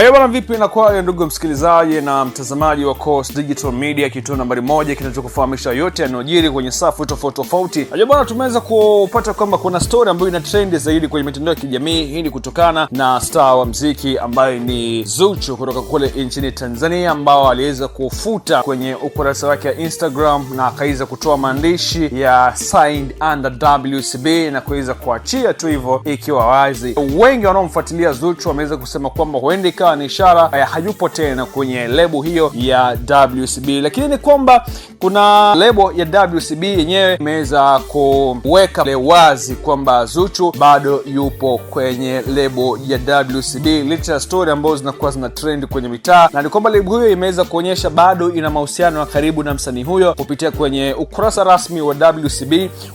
Ayo bwana, vipi inakuwaje ndugu msikilizaji na mtazamaji wa Coast Digital Media, kituo nambari moja kinachokufahamisha yote yanayojiri kwenye safu tofauti tofauti. Hayo bwana, tumeweza kupata kwamba kuna story ambayo ina trendi zaidi kwenye mitandao ya kijamii. Hii ni kutokana na star wa mziki ambaye ni Zuchu kutoka kule nchini Tanzania, ambao aliweza kufuta kwenye ukurasa wake wa Instagram na akaweza kutoa maandishi ya signed under WCB na kuweza kuachia tu hivyo ikiwa wazi. Wengi wanaomfuatilia Zuchu wameweza kusema kwamba huendika ishara ni ishara eh, hayupo tena kwenye lebo hiyo ya WCB, lakini ni kwamba kuna lebo ya WCB yenyewe imeweza kuweka wazi kwamba Zuchu bado yupo kwenye lebo ya WCB licha ya stori ambazo zinakuwa zina trend kwenye mitaa, na ni kwamba lebo hiyo imeweza kuonyesha bado ina mahusiano ya karibu na msanii huyo. Kupitia kwenye ukurasa rasmi wa WCB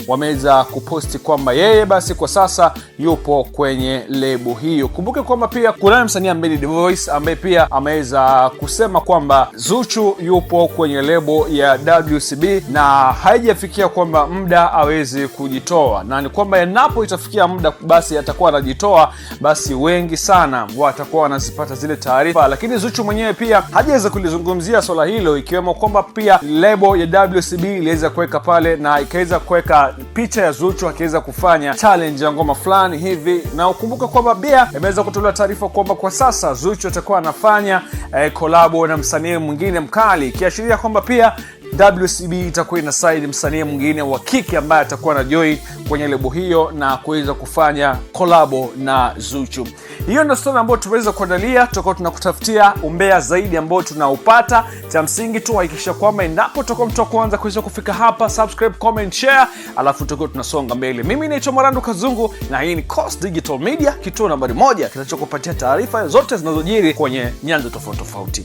wameweza kuposti kwamba yeye basi kwa sasa yupo kwenye lebo hiyo. Kumbuke kwamba pia kunaye msanii ni Voice ambaye pia ameweza kusema kwamba Zuchu yupo kwenye lebo ya WCB na haijafikia kwamba muda awezi kujitoa, na ni kwamba endapo itafikia muda basi atakuwa anajitoa, basi wengi sana watakuwa wanazipata zile taarifa. Lakini Zuchu mwenyewe pia hajaweza kulizungumzia swala hilo, ikiwemo kwamba pia lebo ya WCB iliweza kuweka pale na ikaweza kuweka picha ya Zuchu akiweza kufanya challenge ya ngoma fulani hivi, na ukumbuka kwamba pia imeweza kutolewa taarifa kwamba kwa sasa Zuchu Zuchu atakuwa anafanya eh, kolabo na msanii mwingine mkali, ikiashiria kwamba pia WCB itakuwa ina side msanii mwingine wa kike ambaye atakuwa na join kwenye lebo hiyo na kuweza kufanya kolabo na Zuchu. Hiyo ndio story ambayo tumeweza kuandalia, tutakuwa tunakutafutia umbea zaidi ambao tunaupata. Cha msingi tu hakikisha kwamba endapo tutakuwa mtu wa kwanza kuweza kufika hapa, subscribe, comment, share, alafu tutakuwa tunasonga mbele. Mimi naitwa marandu Kazungu na hii ni Coast Digital Media, kituo nambari moja kinachokupatia taarifa zote zinazojiri kwenye nyanja tofauti tofauti.